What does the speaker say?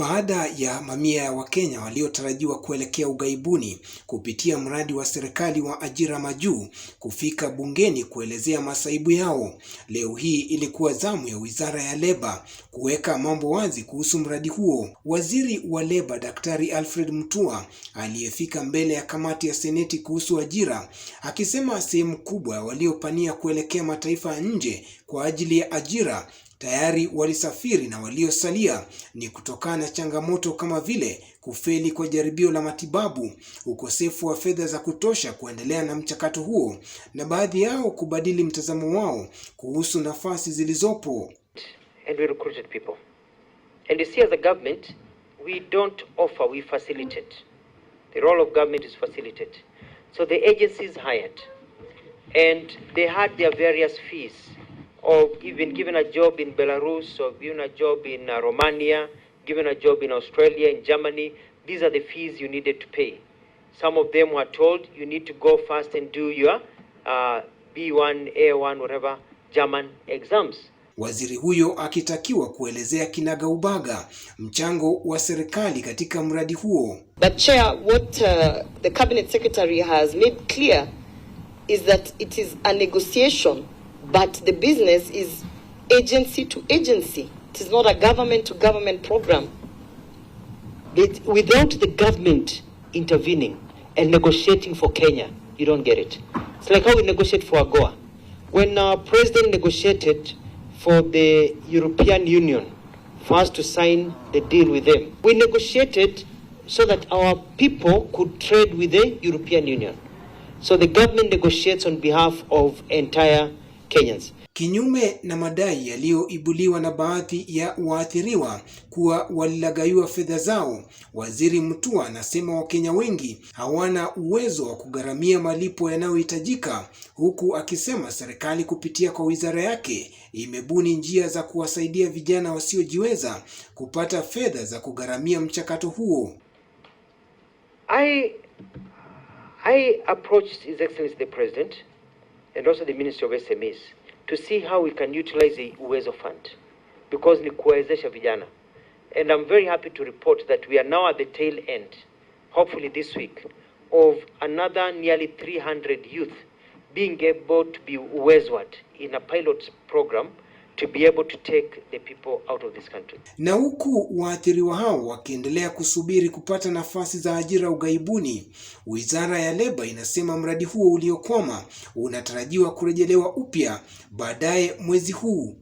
Baada ya mamia ya Wakenya waliotarajiwa kuelekea ughaibuni kupitia mradi wa serikali wa ajira Majuu kufika bungeni kuelezea masaibu yao, leo hii ilikuwa zamu ya Wizara ya Leba kuweka mambo wazi kuhusu mradi huo. Waziri wa Leba Daktari Alfred Mutua aliyefika mbele ya kamati ya Seneti kuhusu ajira akisema sehemu kubwa waliopania kuelekea mataifa ya nje kwa ajili ya ajira tayari walisafiri na waliosalia ni kutokana na changamoto kama vile kufeli kwa jaribio la matibabu, ukosefu wa fedha za kutosha kuendelea na mchakato huo, na baadhi yao kubadili mtazamo wao kuhusu nafasi zilizopo. And we recruited people. And you see as a government, we don't offer, we facilitate. The role of government is facilitate. So the agencies hired and they had their various fees or even given a job in Belarus or given a job in uh, Romania, given a job in Australia, in Germany. These are the fees you needed to pay. Some of them were told you need to go first and do your uh, B1, A1, whatever German exams. Waziri huyo akitakiwa kuelezea kinaga ubaga mchango wa serikali katika mradi huo. But Chair, what uh, the Cabinet Secretary has made clear is that it is a negotiation But the business is agency to agency. It is not a government to government program. It, without the government intervening and negotiating for Kenya, you don't get it. It's like how we negotiate for AGOA. When our president negotiated for the European Union for us to sign the deal with them, we negotiated so that our people could trade with the European Union. So the government negotiates on behalf of entire Kenyans. Kinyume na madai yaliyoibuliwa na baadhi ya waathiriwa kuwa walilagaiwa fedha zao, Waziri Mutua anasema Wakenya wengi hawana uwezo wa kugharamia malipo yanayohitajika, huku akisema serikali kupitia kwa wizara yake imebuni njia za kuwasaidia vijana wasiojiweza kupata fedha za kugharamia mchakato huo. I, I approached His Excellency the President and also the Ministry of SMEs to see how we can utilize the Uwezo Fund because ni kuwawezesha vijana. And I'm very happy to report that we are now at the tail end, hopefully this week, of another nearly 300 youth being able to be uwezward in a pilot program to be able to take the people out of this country. Na huku waathiriwa hao wakiendelea kusubiri kupata nafasi za ajira ughaibuni, Wizara ya Leba inasema mradi huo uliokwama unatarajiwa kurejelewa upya baadaye mwezi huu.